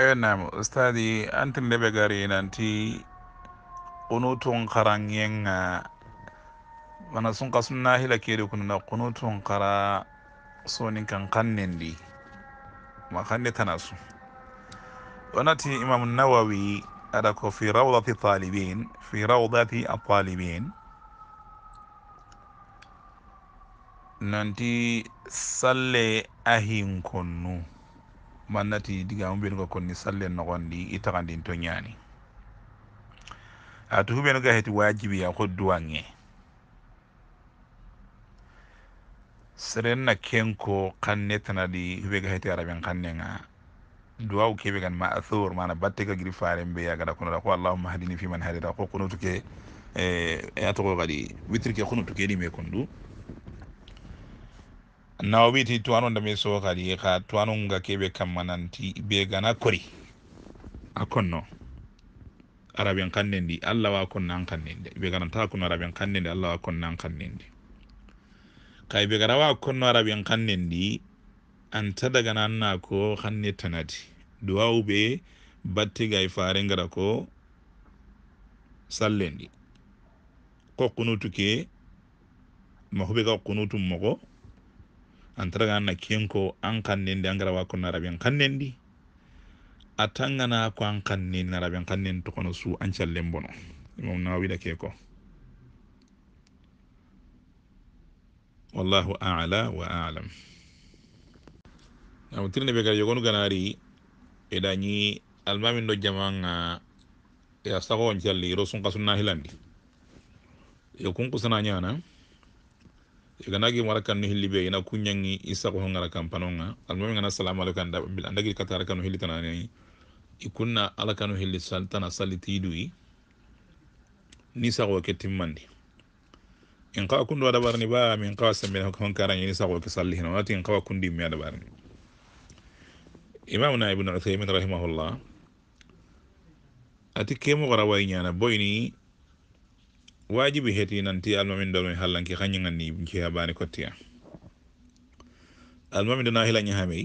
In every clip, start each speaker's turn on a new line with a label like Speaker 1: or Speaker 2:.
Speaker 1: eyyi nam ustadi antinde ɓe gari nanti kono tun kara yenga wana sunka sunna hila kedi kunana kono tun kara soni kan kannendi ma kanne tanasu onati imam nawawi ada ko fi rawdati talibin fi rawdati atalibin nanti salle ahinkonnu mannati digamu ɓen ko konni sallen nogondi i tagandin to ñaani a tuhu ɓen gaheti wajibi a hot duwange seren na kenko kan netanadi huɓe gaheti araɓen kannenga duwawu keɓe gan ma athor mana batte ka giri faren ɓe yagada konoɗa ko allahumma hadini fiman hadira ko konotuke e eh, atoko gadi witrike konotukeɗi me kon du nawa wiyti towano dami sohali ha towano ga keɓe kamma nanti be gana kori a konno araɓen kannde ndi allah wa konno an kannde nde ɓe ganata konno araɓen kannde nde allah wa konno an kannde nde kay ɓe gara wa konno araɓen kannde ndi an tadagana anna ko hanne tanati duwawɓe battiga e fare gara ko salle ndi ko kunutuke mahuɓe ka kunutum mogo antara na kenko an kannendi angarawa kono arabian kannendi a tangana ko an kannendi arabian kannendi to kono su an callen bono imam nawida ke ko wallahu ala wa alam amutirne be gar yogonu ganari edañi almamin do jamanga ya sago on calli ro sun kasunna hilandi yo kunkusana ñana ganagi wala kan no hilibe ina kunyangi isa ko ngara kan panonga almomi ngana salamu alaykum anda bil andagi katara kan no hilli tanani ikunna alaka no hilis saltana saliti dui ni sa ko ketim ketimmandi in kun do ada barni ba min kawa min hon karan ni sa ko ke salli hina wati in kun di mi ada barni na ibn uthaymin rahimahullah ati kemo gara nyana boyni waajibi heeti nanti almamin ɗo min e hallanki kañi ganni jeeya baani kotti a almami ɗana hila ñahamey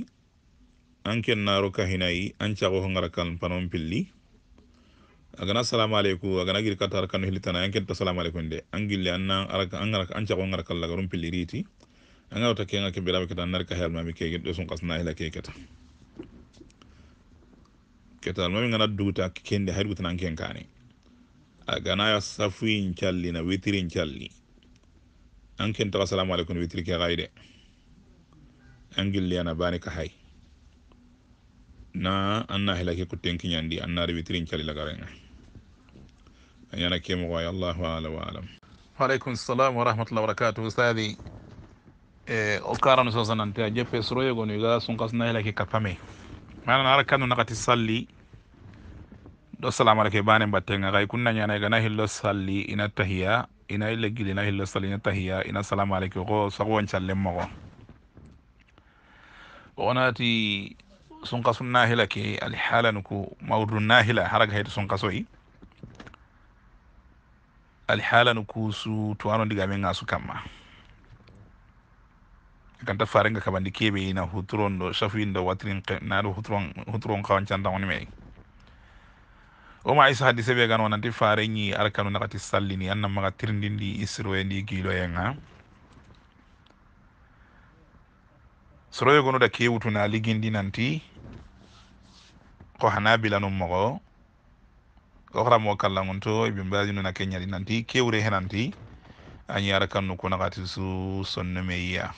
Speaker 1: an kennaaru kahinayi an cago ho ngarakal panon pilli a gana salamu aleyku a gana giri kattaar kanu hillitana an kenta salamu aleykum de an gilli an cago ngarakal laga rum pilli riiti a ngarata kenga kebiraɓe keta nar kahe almami ke ɗo sum kasna hila ke keta keta almami ngana duguta kende hay dugutana an kenkaane agana safuin calli na witirin calli an kin salamu alaikum witiri ke gaide an gilli ana bani ka hai na anna na hilake kutten kinyandi an na da witirin calli la garenga an Allah wa ala wa alam wa alaikum salam wa rahmatullahi wa barakatuh ustadi e o karanu so sanante jeppe soro sunkasna ni ga sun kasna hilake kapame mana na arkanu na salli ɗo salamu aleykum bane mbattega kay kun nañana gana hillo salli ina tahiya ina leggili ina hillo salli ina tahiya ina salamu aleykum ko sagwon callen mogo onati sunkasu nahila ke alhalanku mawdu nahila haraga hayto sunkasoyi alhalanku su towano ndigamen gasu kamma kanta farenga kaɓandi keɓe ina hutoron ɗo chafuin ɗo watrin nano hutoron hutoron kawancantan woni meyi o ma issa hadi sebe gan wonanti faare ñi arkanu nakati sallini annamaga tirdindi isroe ndi giloyen ha soroye gonuda kewutuna liguindi nanti ko hana bilanum mogo oxaramo kalla ngon to ibin basinu na keñadi nanti kewure henanti añi arkannu ku nakati su sonnome yiya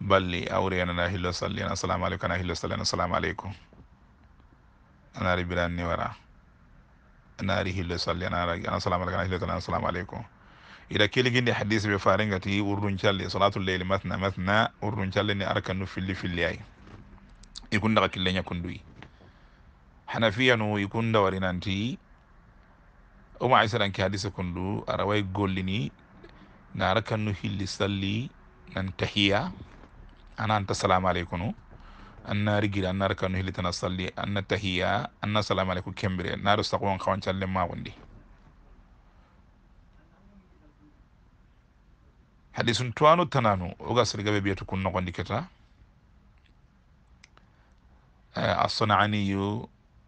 Speaker 1: balli awre nana hillo salli an assalamu aleykum ana hillo salli an assalamu aleykum anaari biran ni wara anaari hillo salli anaaraanasalamualeykum anahillo salli assalamu aleykum ida kiligindi hadis ɓe faringati urdun calli solatu leyli matna matna urdun calli ni arkanu filli filli ay ikundaka killeña kunduy hanafiya nu ikunda warinanti uma isaranki hadise kundu arawai gollini na arkannu hilli salli nan tahiya ananta salamu aleykum nu أن رجل أن ركن هلي تنصلي أن تهيا أن السلام عليكم كمبري نارو استقوان خوان شال ما غندي حديث توانو تنانو أوغا سرقة بيتو كنا غندي كتا آه، الصنعاني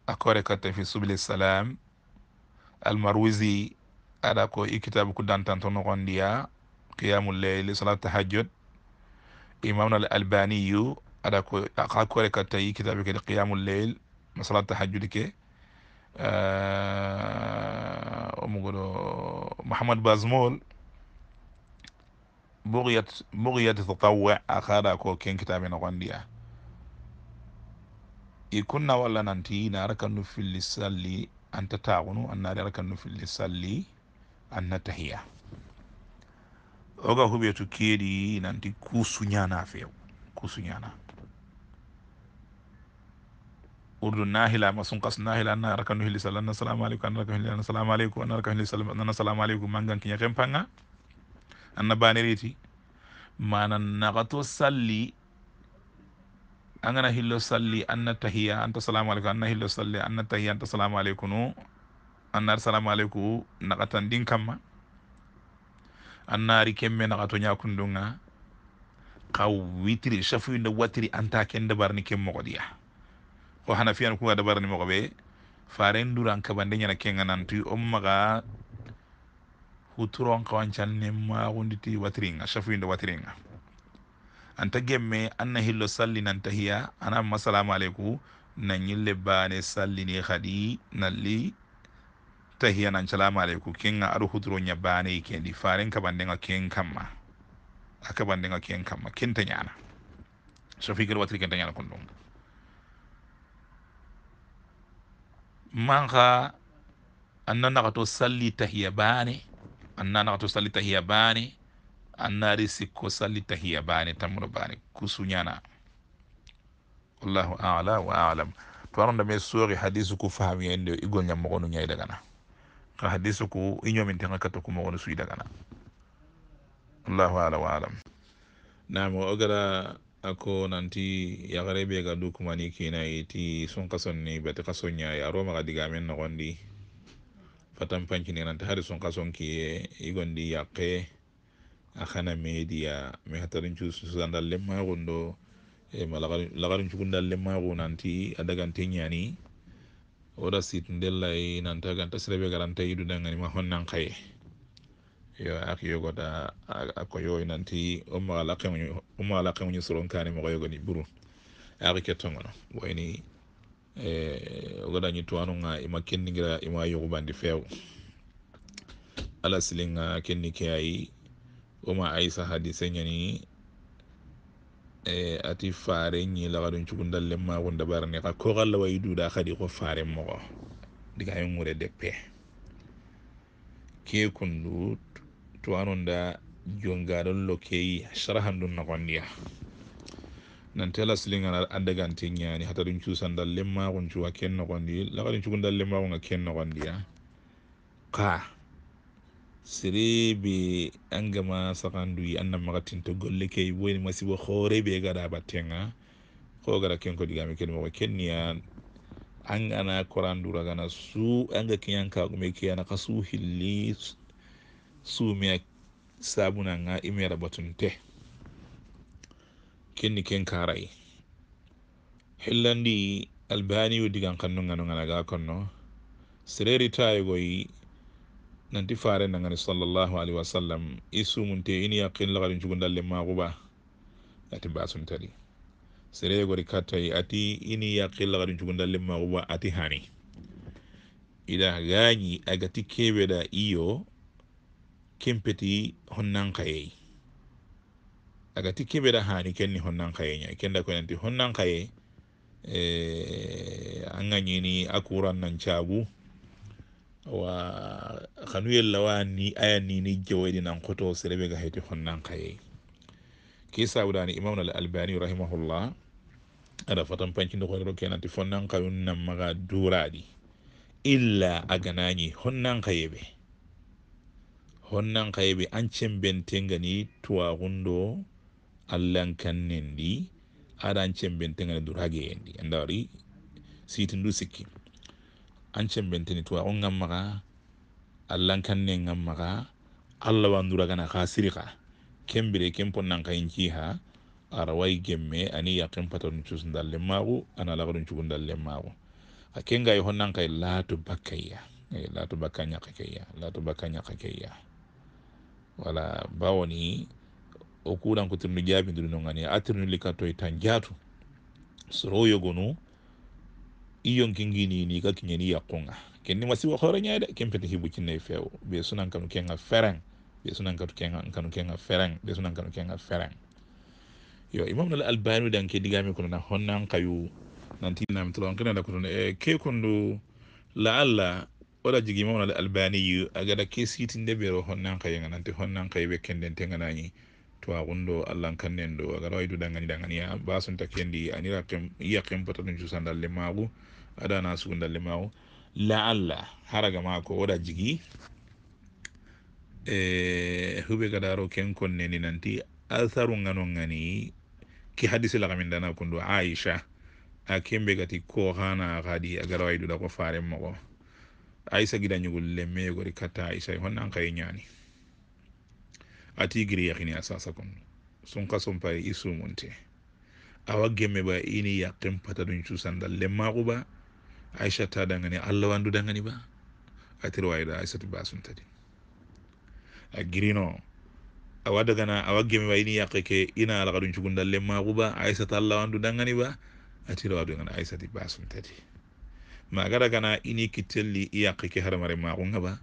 Speaker 1: أكوري كتا في سبيل السلام المروزي أداكو إي كتاب كدان تنتون غنديا قيام الليل صلاة تهجد إمامنا الألباني ادا كو كوري كتاي كتابي كده قيام الليل مثلا تحجد كي ا آه... محمد بازمول بغيت بغيت تطوع اخر اكو كين كتابي نغنديا يكون ولا ننتي نركن في اللي انت تعونو ان نركن في اللي ان نتهيا oga hubiyatu kedi nanti kusu nyana feo kusu nyana urdu nahilama sun kas nahila na araka nuhili sallam na salamu aleykum an araka hilina salamu aleykum an araka hili sallam nana salamu aleykum mangan kiña ken panga anna baneriti manan nakato salli angana hillo salli anna tahiya anta salamu aleykum anna hillo salli anna tahiya anta salamu aleykum nu anna ar salamu aleykum nakatan ndin kamma annaari kemme nakato ñakundunga ka witiri chafuyunde watiri anta ken ndebarni ken mogoɗiya o hana fiyan kuga dabaranimoxoɓe faren duran kaba nde ñana kenga nanti o maxa xuturon xawan can ne maxunditi watiringa chafuinde watiringa anta gemme anna hillo salli nanta hiya anam masalamu aleyku na ñille bane sallini xaɗi nalli tahiya nan calamu aleyku kenga aɗo xuturo ña bane i kendi faren kabandenga ken kamma a kabandenga ken kamma kenta ñana chafuikel watiri kenta ñana kundunga man ka an nanakato salli tahiya bane an nanakato salli tahiya bane an nari sikko salli tahiya bane tammuɗo bane kusuñana wallahu ala wa alam to aronda me soori hadise ku faamuyende igol ñam mogonu ñayi dagana ka hadise ku iñomin tenga katta ku mogonu suyi dagana wallahu ala wa alam nam o gara ako nanti yagare be ga du kina iti sun kason ni bati kason ya yaro maga digamen nogondi fatan panci ni nanti hari sun kason kiye igondi yaqe akana media me hatarin cu susandal lemma gondo e malagarin cugundal lemma go nanti adagante ñani oda situndellay nanta ganta sirabe garanta yidudangani ma honnan kaye yo ak eh, eh, da ako yoy nanti o magala kemuñu o magala kemuñu soronkani mogo yogoni buru aki kettongono wayni ogoda ñi tuwanunga ima kennigira ima yogubandi feew ala silinga kenni ke ayi oma aisa hadise ñani ati faare ñi lagadun cugundalle magunda barani xa koxalla wayi duda xadi ko faare mogo digayi ŋure deppe ke kundu da tuwaronda jongaɗon lo keyi sarahan ɗum nogonniya nanti ala silingan addaganti ñani hata ɗum cuusanɗal kun chuwa ken na nogondi laga ɗum cugunɗal lemmagonga ken na nogondiya ka sirebe an gama sakanduyi annan magatinto golle keyi boyni masibo hoorebe gaɗa batenga ko gara ken ko digami ken ken niya an gana korandura gana su anga kiyankagume kiyana ka su hilli suumi a sabuna nga imera batun te kenni ken karayi hillandi albani wo digan kannu nga nunga naga konno sereri tayogoyi nanti fare nangani sallallahu alaihi wasallam i sumunte ini yakin lagarin cugundalle maguba ati basun tali sereye gori kattayi ati ini yakin lagarin cugundalle maguba ati hani ida gañi agati keweda iyo kempeti honnan agati kebeda hani kenni honnan kaye nya kenda ko nanti honnan kaye eh an nan chagu wa kanu yellawa ni aya ni ni jawedi nan koto serebe ga heti honnan kaye kisa wudani al-albani rahimahullah ada fatan pancin ko kenanti fonnan nan maga duradi illa aganani honnan be honnan kayɓe ancen bentengani tuwaxundo allahnkannendi aɗa ancen bentengani durhageyendi andawari sitindu sikki ancen benteni tuwaxun gan maxa allahnkannen gan maxa allah wanduragana xa siri xa kembire ken ponnan kayinci ha arawai gemme ani yakin patarun cusun dallen magu ana lagarun cugun dallen magu a kenga yi honnan kai latu bakayya eh, latu bakanya kakayya latu bakanya kakayya wala bawoni o kuɗankotirno jaabidiri non gani atirnuli ka toye tan jaatu soro yogonu iyonki ngini ni ka kiñani yakkunga kenni masiba hooreñayde kempete hibucinnayi few ɓe sunan kanu kenga feren ɓe sunan katu kenga kanu kenga feren ɓe sunan kanu kenga feren yo imam nal albani dan eh, ke digami kono na honnan kayu nantinami tolon kenada kotono e ke kondu laalla wala jigi mawna al albaniyu agada ke sitinde ɓeero honnankay ganante honnankay ɓe kendente ganañi tuwaxun ɗo allahn kannen ɗo agara wawi dudangani danganiya basunta kendi anira yaqin potatum cusandalle maxu adana sugundalle maxu laalla haraga mako oɗa jigi e huɓe gadaro ken konneni nanti atharu ngano ngani ki hadise lakamin dana kundu aicha a gati ko hana kadi agara wawi ɗuɗa ko faren moxo aisa gida ñugol lemme gori katta aisa honna an kaye ñaani ati giri yakini a sasa kon sunka sompari i sumunte awa gemme ba ini yakken pata ɗum cusanda lemmaku ba aisha ta dangani allah wandu dangani ba atir wayda aisatu basum tadi a awa dagana awa gemme ba ini yakke ina alaka ɗum cugunda lemmaku ba aisata allah wandu dangani ba atir wadu dangani aisati basum tadi magara gana ini kitelli iya qike harmare maxun haba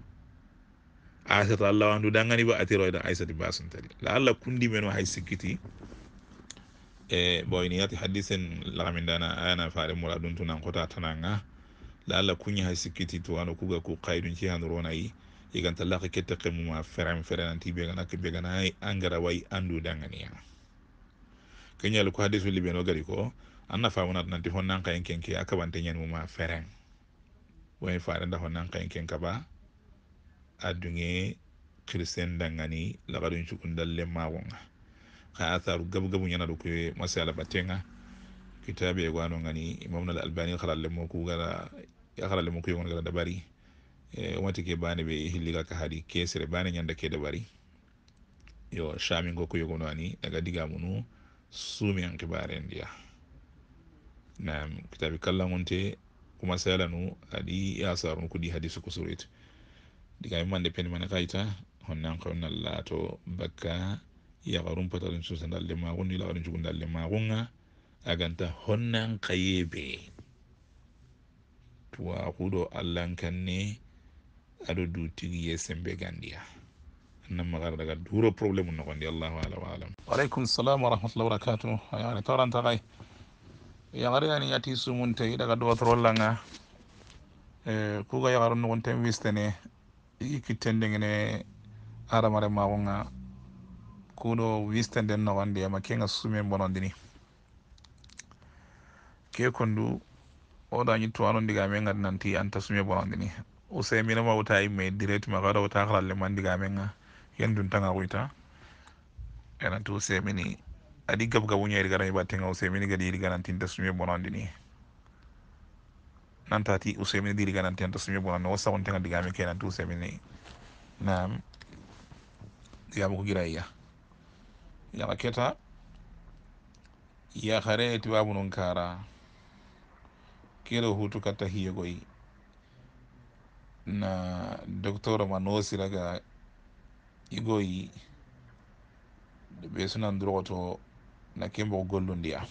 Speaker 1: asata allah wandu dangani ba atiro ida aisati basuntalli la allah kundi meno hay sikkiti e boyniyati hadisen laxamindana ayana fare muradun tunan xota tananga la allah kuñi hay sikkiti tuwano kuga ku qaydun ci handuronayi iganta laxi kette qemuma feren ferenanti begana beganayi angara wayi andu danganiya keñalu ko hadisu libeno gari ko anna famunat nanti honnan xayen kenke a kabante ñanmuma feren wayin faranda ho nan kayin ken kaba adunge kristen dangani lagadun cukun dalle magonga ka atharu gabu gabu nyana rukuye masala batenga kitabe ya ngani imam al albani kharalle mo ku gara ya kharalle mo ku yon dabari e eh, wati ke bani be hilliga ka hari kesere bani nyanda ke dabari yo shami go yogono ani daga diga munu sumi an kibaren dia nam kitabi kallangonte kumasalanu adi asarun kudi hadisu kusurit diga mande pen mana kaita honnan kawna lato bakka ya garun patalin susan dalle magun ila garin jugun dalle magunga aganta honnan kayebe tuwa kudo allan kanne dutigi ye sembe gandiya magar daga duro problem nogondi allahu ala wa alam alaikum salam wa rahmatullahi wa barakatuh ayani toranta kay yagarani yati sumunte daga dowatorollanga e, kuga yagaro nogonten wistene ikittendegene adamare magonga kuɗo wistenden nogondi ama kenga sumen bonondini ke kondu oɗañittuwano ndigamen gadi nanti anta sume bonondini usaminama wuta imme directma kaɗa wuta haralle ma ndigamenga yen duntanga kuita enanti usemini adi gabgabuñayiɗi garami battega usemini gadi yiɗi ganantin tasumie bonandi ni nantati usemini diɗi ganantin tasumie bonandi wo sawontega digami kenanti usemini nam digami ko gira yiya yaa keta yahare tubabu non kara kero hutu katta hiyogoyi na doctor ma nosiraga igoyi ɓe sunan durogoto nakembo gollum ndiya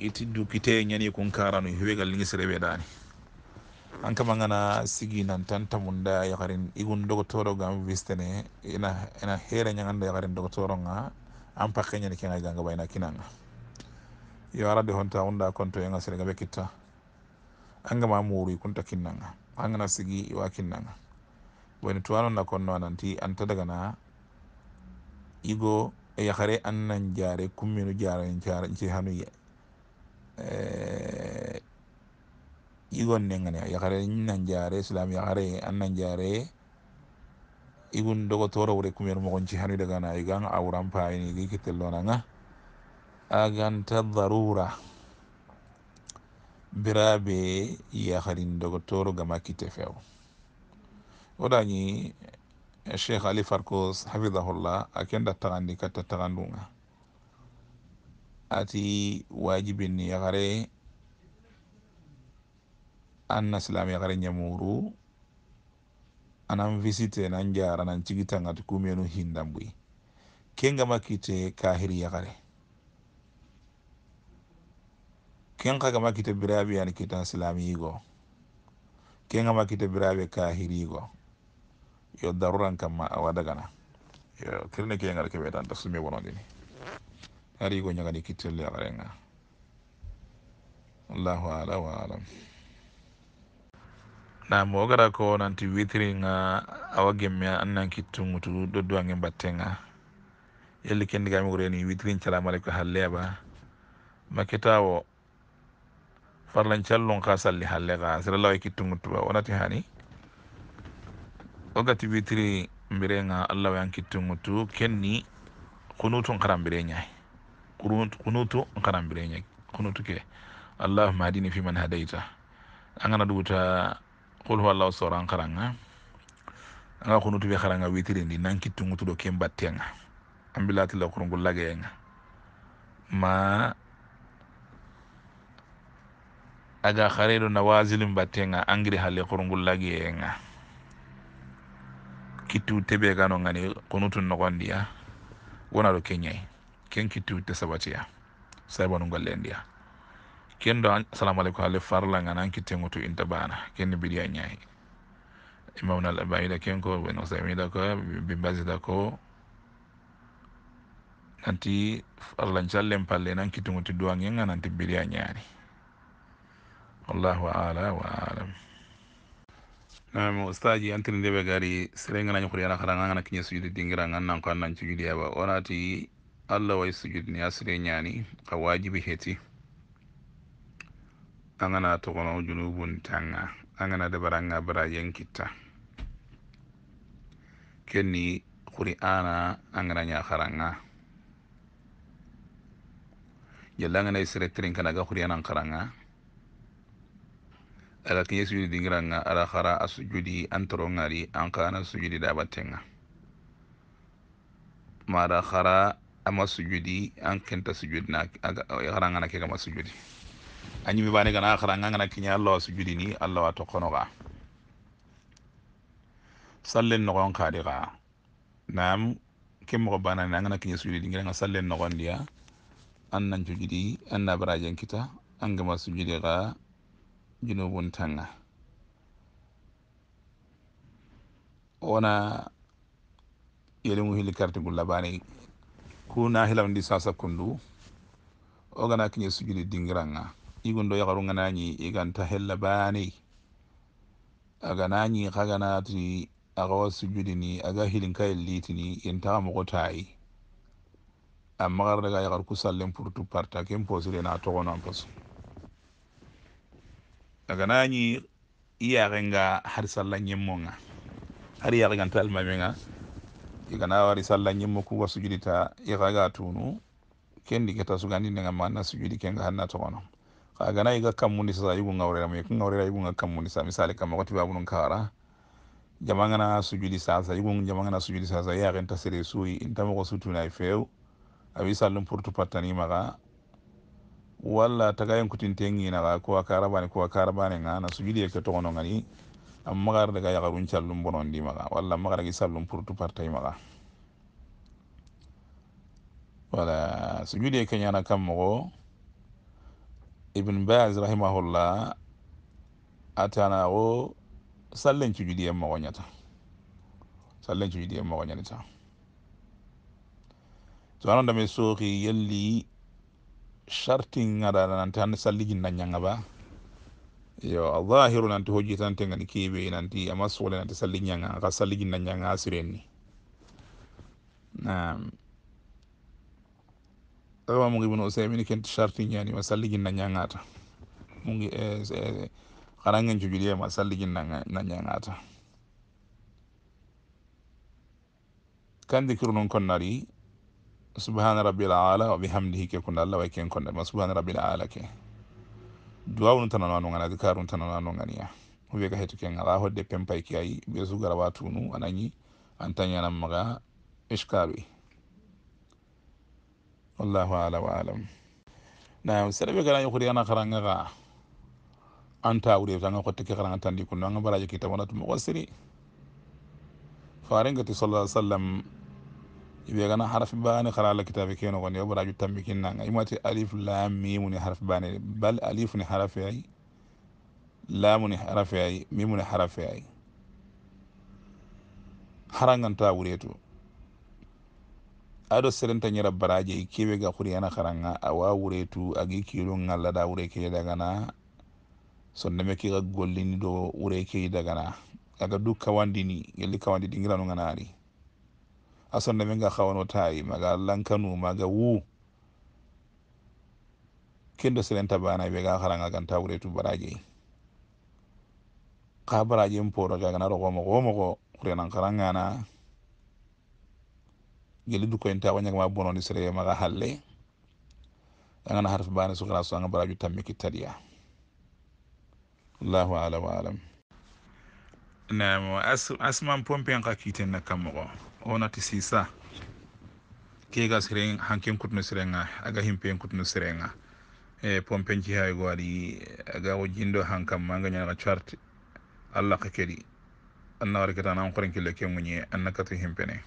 Speaker 1: iti du kite ñani kun karanu hewegal lingi serebe dani an kama ngana sigi nan tanta munda ya garin igun dogotoro gam vistene ina ina hera here ñaganda yakarin dogotoro nga an pakke ñani kenga ganga bayna kinanga yo arade honta unda konto yenga serega be kitta an gama muri kun ta kinanga an ngana sigi wa kinanga woni tuwano na konno ananti anta dagana igo e yakare annan jaare kummino jaaren hanuye eh, igon nengane yakare nan jaare islam an annan jaare igun dogo toro wure kummino mogonci hanu daga na igan awran payini gi kitellona nga aganta darura birabe yakarin dogo toro gama kite few wodañi sheikh ali farkos hafidhahullah akenda tagandi kata tagandunga ati wajibinni yagare anna silam yagare nyamuru anam visite na njara na nchigita cigitangati kumenu hindambuyi kenga makite kahiri yagare kenga kama kite birabe yani kitan silamiyigo kengama kite kahiri yigo yo daruran kam ma awa dagana yo kirne keyengal keɓe tanta sumi wonodini ari go ñagani kittelle arenga allahu ala wa alam nam wo gara ko nanti witiringa awa gemme annan kittumutu ɗodduwange battenga yelli kendigami wureni witirin calamalay ko halleba makketawo farlan callun ka salli halle ka sira lawa kittumutuba wonati hani wakkati witiri mbirenga allah wayankittungu tu kenni kunutu nkarambirenyay kunutu nkarambirenya kunutu ke allahuma adini fiman hadayta angana duguta qul huwa llahu sora nkaranga anga kunutu be haranga witirindi nankittungu tu ɗo ken battenga ambilatilla kurungu lageyenga ma aga xareɗo nawasilum battenga angiri halle kurungu lageyenga kittu tebe gano no konutun nogondiya wona lo Kenyai, ken kittude ya, no sabanugal lendiya ken do salamu alaikum ale farla gana an kittengutu inta bana nyai biɗiya ñayi imamna da ken ko ɓen osamida ko da ko nanti farla callen palle nan kittugutu e duwangenga nanti biɗiya ñaani wallahu ala wa alam nam ustaji antin ndeɓe gari serenganañi hoto yana haranga ngana sujudi dingiranga nanko annan sujudi heɓa onati allah way sujudi ni asire ñani ka wajibi heti angana togono junubun tanga angana debaranga bara yenkitta kenni qur'ana angana ña haranga jellangana sere kanaga qur'ana haranga ala kiye sujudi dingiranga ala khara asujudi sujudi an torongari an kana sujudi dabatenga mara khara ama sujudi an sujudi na harangana ke kama sujudi anyi mi bane kana harangana kana Allah sujudi ni Allah wa tokono ga sallen no gon kadi ga nam kem ko bana na ngana kinya sujudi ngiranga sallen no gon dia an nan sujudi an kita an gama sujudi ga jino wontanga wona yeli mu hilli karti gulla bani kuna hilam ndi sasa kundu o gana kiñe sujudi dingiranga igundo yakaru nganañi iganta hella bani aganañi kaganati akawa sujudi ni aga hilin kayelliti ni yentaxa mogo tayi a magar daga yakaru kusallen pour tu partake imposirena toxono en pas aganañi iyaxenga har salla ñemmonga har yaxeganta almamenga igana wari salla ñemmo kuga sujudita ixaga tunu kendi keta sugandinenga mana sujudi kenga hanna togono xa gana iga kammundi sasa yugu ngawrerama yiku ngawrera yugunga kammundi sa misali kamma xoti babunun kaxara jamangana sujudi sasa yugun jamangana sujudi sasa yaxenta sere suyi intamoxo sutunayi few abi sallum pour tu pattanimaxa walla tagayen kutintenginaga kuwa karabani kuwa karabani e ga na sujudi yeke tognogani amagar daga yagarun callum bonondimaga walla magaragi sallum purtu partaymaga wala sujudi yeke ñana kam mogo ibne bas rahimahullah atanago sallen cujudiye mogo ñata sallen cujudiye mogo ñanita so anondame sooki yalli sharti ŋaɗaɗa nanti hande salligin nanyanga ba yo zahiru nanti hoji tante ngani keɓe nanti ama nanti salli nanyanga ka salligin nanyanga asireni naam nam mungi mugi ibnu mini kenti sharti ñani ma salligin na ñagata mugi xarangen eh, eh, cujuɗiye ma salligin na ñagata kan dikiru non kon subhana rabbil ala wa bihamdihi kekundallah wa kenkondema subhana rabbil ala ke duwa runtanano anongani adikar runtanano anonganiya wiyeka hetu ken ala hodde penpay ki ayi ɓe sugara watunu anañi antañanam maga iskalu wallahu ala wa alam nayam seɗaɓe gana yokori ana karangaga anta wure tanga kotte ke karanga tandi kunno anga baraje kitamonatu mogo siri farengati sallah sallam iɓe gana harfe bane harala kitabe keno gon yo ɓoraju tambikinnaga imati alif lamimu ni harfe bane bal alifu ni harafe ayi lamu ni harafe ayi mimu ni harafe ayi hara ganta wure to aɗo serenta ñira baraje i keɓe ga xuri yana xaranga awa wure tu agi kilu ngalla da wure keyi dagana sonneme kiga gollini do wure keyi dagana aga du kawandini gelli kawandi dingiranu ngana ari asonde min ga hawano tawi maga lankanu maga wu kendo seren tabana ɓe ga haranga gan tawre tu baraje ka baraje mporo ga ganaro gomo gomo go kurenan karangana gelli du koyen tawa ñagama bononi sere maga halle agana harf bane sukara so anga baraju tammi kittaɗiya allahu alam wa alam nam asman pompe en ka kiten na kammogo ti sisa ga sireng hanken kutno sirenga aga himpen kutno sirenga e pompen ci hay aga jindo hankam manga nyana chart alla ka kedi anna war kita tanam qorin ke leke munye annaka himpe ne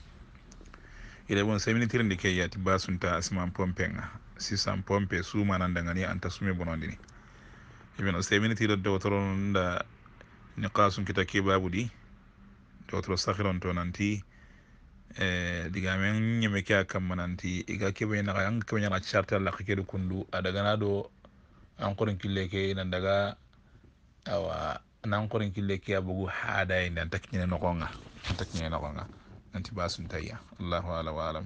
Speaker 1: ile bon semini de ke yati basunta asman pompenga sisa pompe suma nan ni anta sumi bonondini ibn semini de dawtoron da niqasun kita ke babudi wotoro sakhiron to nanti Eh, digame ñeme ke a kamma nanti i ga keɓe naxa an keɓe ñaxa charte alla xikeɗi kundu a dagana do an qoren kille ke nan daga awa nan qoren kille ke a bogu haadayinde an takkiñene noxonga an takkiñene noxonga nanti basunta ya allahu ala wa alam